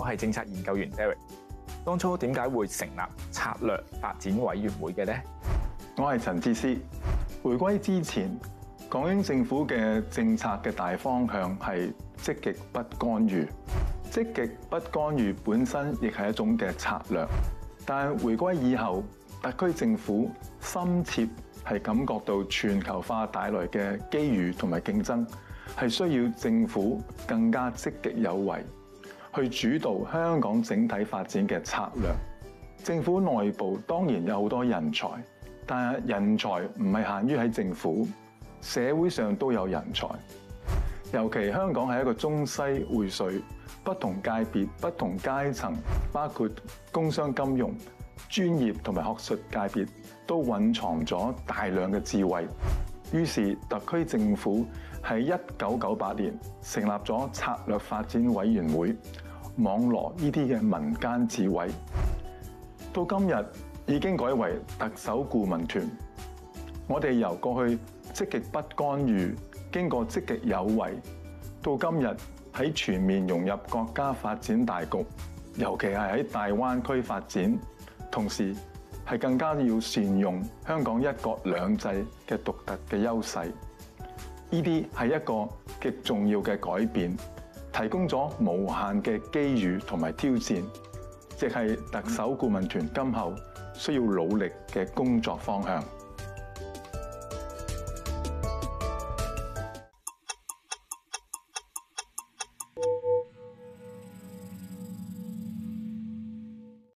我係政策研究員 Derek，當初點解會成立策略發展委員會嘅咧？我係陳智思。回歸之前，港英政府嘅政策嘅大方向係積極不干預，積極不干預本身亦係一種嘅策略。但係回歸以後，特區政府深切係感覺到全球化帶來嘅機遇同埋競爭，係需要政府更加積極有為。去主導香港整體發展嘅策略。政府內部當然有好多人才，但係人才唔係限於喺政府，社會上都有人才。尤其香港係一個中西薈萃，不同界別、不同階層，包括工商、金融、專業同埋學術界別，都隱藏咗大量嘅智慧。於是特區政府喺一九九八年成立咗策略發展委員會，網羅呢啲嘅民間智慧。到今日已經改為特首顧問團。我哋由過去積極不干預，經過積極有為，到今日喺全面融入國家發展大局，尤其係喺大灣區發展，同時，係更加要善用香港一國兩制嘅獨特嘅優勢，呢啲係一個極重要嘅改變，提供咗無限嘅機遇同埋挑戰，亦係特首顧問團今後需要努力嘅工作方向。